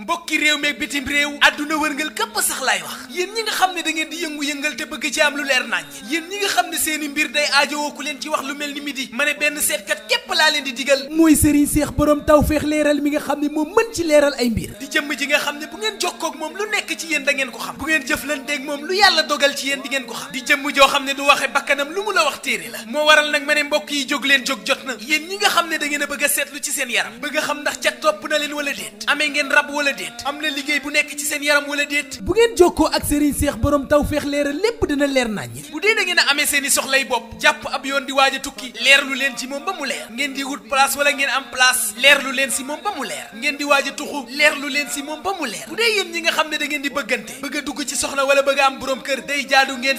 mbokki réew meeg bitim réew àdduna wërngal képp sax laay wax yéen ñi nga xam ne da ngeen di yëngu-yëngal te bëgg ci am lu leer nañ yéen ñi nga xam ne seeni mbir day aajowoo leen ci wax lu mel ni midi ma ne benn seetkat képp laa leen di digal mooy sëriñ seex boroom tawfeex leeral mi nga xam ne moom mën ci leeral ay mbir di jëmm ji nga xam ne bu ngeen jokkoo ak moom lu nekk ci yéen da ngeen ko xam bu ngeen jëflanteeg moom lu yàlla dogal ci yéen di ngeen ko xam di jëmm joo xam ne du waxe bakkanam lu mu la wax téere la moo waral nag ma ne mbokk yi jóg leen jóg jot na yéen ñi nga xam ne da bëgg a seetlu ci seen yaram bëgg xam ndax ca topp na leen wala déet amee ngeen rab wala déet am na liggéey bu nekk ci seen yaram wala déet bu ngeen jokkoo ak Serigne Seex borom taw feex leeral lépp dina leer naññ bu dee da ngeen amee seen i soxlay bopp jàpp ab yoon di waaj a tukki leer leen ci moom ba mu leer ngeen di wut place wala ngeen am place leer leen si moom ba mu leer ngeen di waaj a tuxu leer leen si moom ba mu leer bu dee yéen ñi nga xam ne da di bëggante bëgg dugg ci soxna wala bëgg am borom kër day jaadu ngeen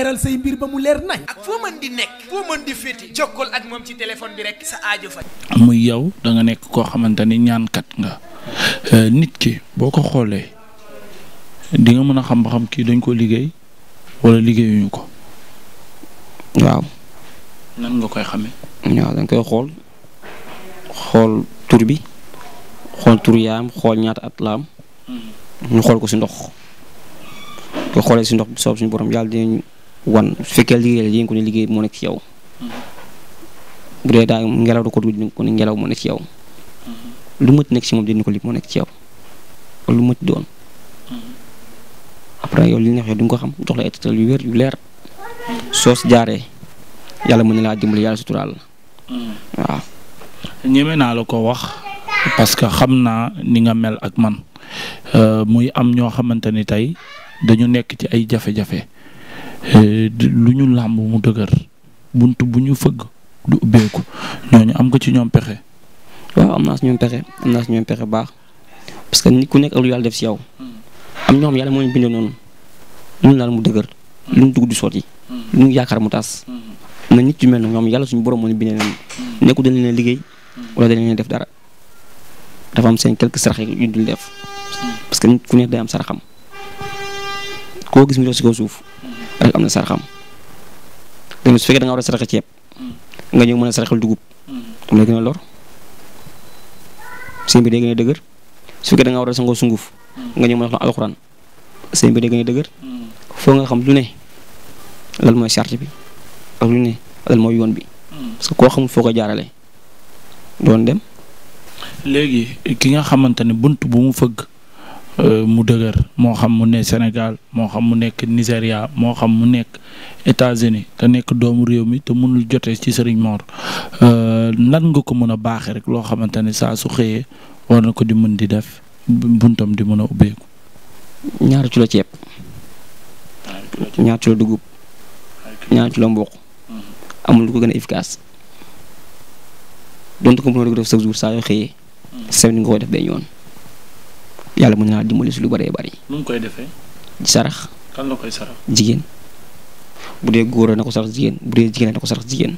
leeral say mbir ba mu leer nañ. ak foo mën nekk. foo mën di ak moom ci téléphone bi rek sa aajo fa. muy yow da nekk koo xamante ni ñaankat nga euh, nit ki boo ko xoolee dinga mën a xam ba xam kii dañ ko liggéey wala liggéeyuñu ko. waaw. nan nga koy xamee. waaw da koy xool xool tur bi xool tur yaam xool ñaata at laam hmm. ñu xool ko ci ndox. ko xoolee ci ndox bi soob suñu borom yàlla dinañu wan su fekkee liggéey la yéen ko ni liggéey moo nekk ci yow mm-hmm. bu dee daa ngelaw da ko dugg dinañ ko ni ngelaw mm-hmm. moo nekk ci yow lu mët nekk ci nekk ci yow lu mët doon mm-hmm. après yow li neex yow di nga ko xam jox la état yu wér yu leer soo si jaaree yàlla mën na laa dimbali yàlla suturaal la waaw. ñeme naa la ko wax parce que xam naa ni nga mel ak man euh, muy am ñoo xamante ni tey dañu nekk ci ay jafe-jafe. Eh, lu ñu làmb mu dëgër bunt bu ñu fëgg du ubbeeku ñooñu am nga ci ñoom pexe. waaw am naa si ñoom pexe am naa si baax parce que nit ku nekk yàlla def si yow. am ñoo xam yàlla moo leen bindee noonu laal mu dëgër lu ñu dugg di sotti lu ñu yaakaar mu tas. na nit yu mel noonu ñoom yàlla suñu borom moo leen bindee noonu nekkul dañ leen liggéey wala dañ leen def dara dafa am seen quelques sarax yu dul def parce que ku nekk day am saraxam koo gis mu def si kaw suuf. rek am na saraxam dégg su fekkee da war a saraxa ceeb nga ñëw mën a saraxal dugub am lay gën a lor sëñ bi day gën a dëgër su fekkee da nga war a sangoo sunguf nga ñëw mën a wax alxuraan sëñ bi day gën a dëgër foo nga xam lu ne lan mooy charte bi ak lu ne lan mooy yoon bi parce que koo xamul foo ko jaarale doon dem. léegi ki nga xamante ne bunt bu mu fëgg. Euh, mu dëgër moo xam mu ne Sénégal moo xam mu nekk Nigéria moo xam mu nekk États-Unis te nekk doomu réew mi te mënul jotee ci Sëriñ Mor euh, nan nga ko mën a baaxee rek loo xamante ne saa su xëyee war na ko di mën di def buntam di mën a ubbeeku. ñaar kilo ceeb. ñaar kilo dugub. ñaar kilo mboq. Mm-hmm. amul lu ko gën a efficace. donte ko mën a def chaque jour saa yoo xëyee. Mm-hmm. semaine nga koy def benn yoon. yàlla mën naa dimbali si lu bëree bëri. nu koy defee. sarax. kan la koy sarax. jigéen bu dee góor na ko sarax jigéen bu dee jigéen na ko sarax jigéen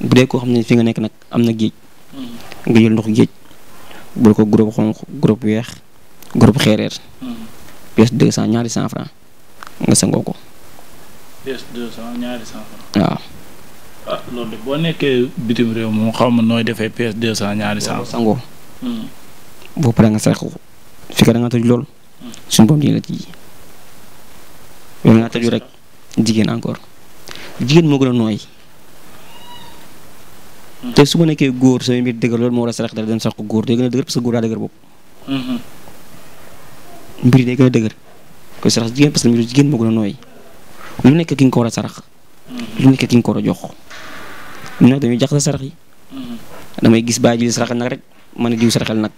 bu dee koo xam ne fi nga nekk nag am na géej. Mm. nga jël ndox géej bul ko groupe xonq groupe weex groupe xeereer. Mm. pièce deux cent ñaari cent franc nga sangoo ko. waaw. Ah, loolu boo nekkee bitim réew moom xaw ma nooy defee pièce deux cent ñaari cent. sangoo. Mm. boo paree nga sarax ko su fekkee da lool suñu boom dina la tijji loolu ngaa tëju rek jigéen encore jigéen moo gën a nooy te su ma nekkee góor samay mbir dëgër moo war a sarax dara dem sarax góor day a dëgër parce que góor daa dëgër bopp mbir yi day a jigéen parce nooy lu nekk ki nga ko a sarax lu nekk ki nga ko a jox ñu nag dañuy sa sarax yi mm-hmm. damay gis bàyyi ji li saraxal nag rek man a diw saraxal nag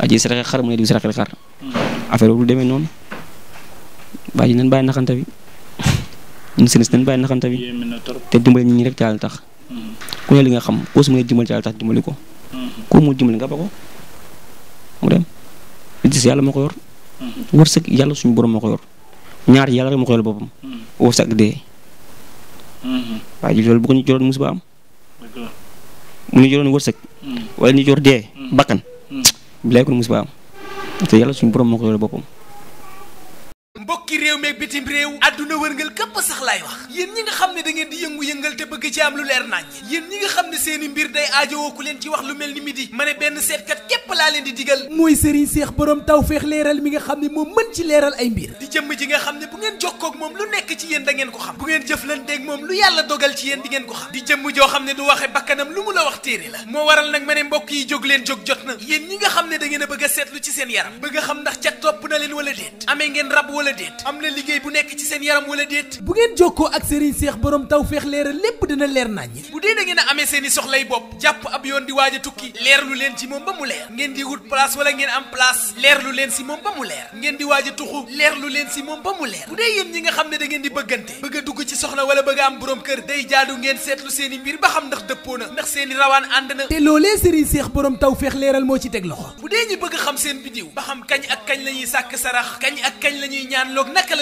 aji saraxe xar mu ne diw saraxel xar affaire boobu demee noonu bàyyi nañ bàyyi naxante bi ñun sëriñ si nañ bàyyi naxante bi te dimbali nit ñi rek ci yàlla tax mm-hmm. ku ne li nga xam koo su mënee dimbali ci tax dimbali ko mm-hmm. ku mu dimbali nga ba ko mu dem li ci yàlla moo ko yor mm-hmm. wërsëg yàlla suñu borom moo ko ñaar yàlla rek moo ko yor boppam wërsëg dee waaye ji loolu bu ko ñu joroon musiba am mu ñu joroon wërsëg wala ñu jor dee bakkan bi lay kon musiba am te yàlla suñu borom moo ko yore boppam meeg bitim réew adduna wërngal képp sax laay wax yéen ñi nga xam ne da ngeen di yëngu-yëngal te bëgg ci am lu leer nañ yéen ñi nga xam ne seeni mbir day aajowoo ku leen ci wax lu mel ni midi ma ne benn seetkat képp laa leen di digal mooy sëriñ seex borom tawfeex leeral mi nga xam ne moom mën ci leeral ay mbir di jëmm ji nga xam ne bu ngeen jokkoo ak moom lu nekk ci yéen da ngeen ko xam bu ngeen jëflanteeg moom lu yàlla dogal ci yéen di ngeen ko xam di jëmm joo xam ne du waxe bakkanam lu mu la wax téere la moo waral ma ne mbokk yi leen jóg jot na yéen ñi nga xam ne da ngeen a ci seen yaram bëgg a xam ndax ca topp na leen wala déet amee ngeen rab wala liggéey bu nekk ci seen yaram wala déet bu ngeen jokkoo ak Serigne Seex borom tawfeex leeral lépp dina leer naññ bu dee da ngeen amee seen i soxlay bopp jàpp ab yoon di waaja tukki leer leen ci moom ba mu leer ngeen di wut place wala ngeen am place leer lu leen si moom ba mu leer ngeen di waaja a tuxu leer lu leen si moom ba mu leer bu dee yéen ñi nga xam ne da ngeen di bëggante bëgg a dugg ci soxna wala bëgg a am borom kër day jaadu ngeen seetlu seen i mbir ba xam ndax dëppoo na ndax seen i rawaan ànd na te loolee Serigne Seex borom tawfeex leeral moo ci teg loxo bu dee bëgg xam seen bidiw ba xam kañ ak la ñuy sàkk sarax kañ ak kañ la ñuy ñaan naka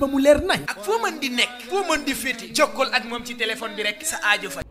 ba mu leer nañ. ak foo man di nekk. foo man di féete. jokkool ak moom ci téléphone bi rek sa aajo fa.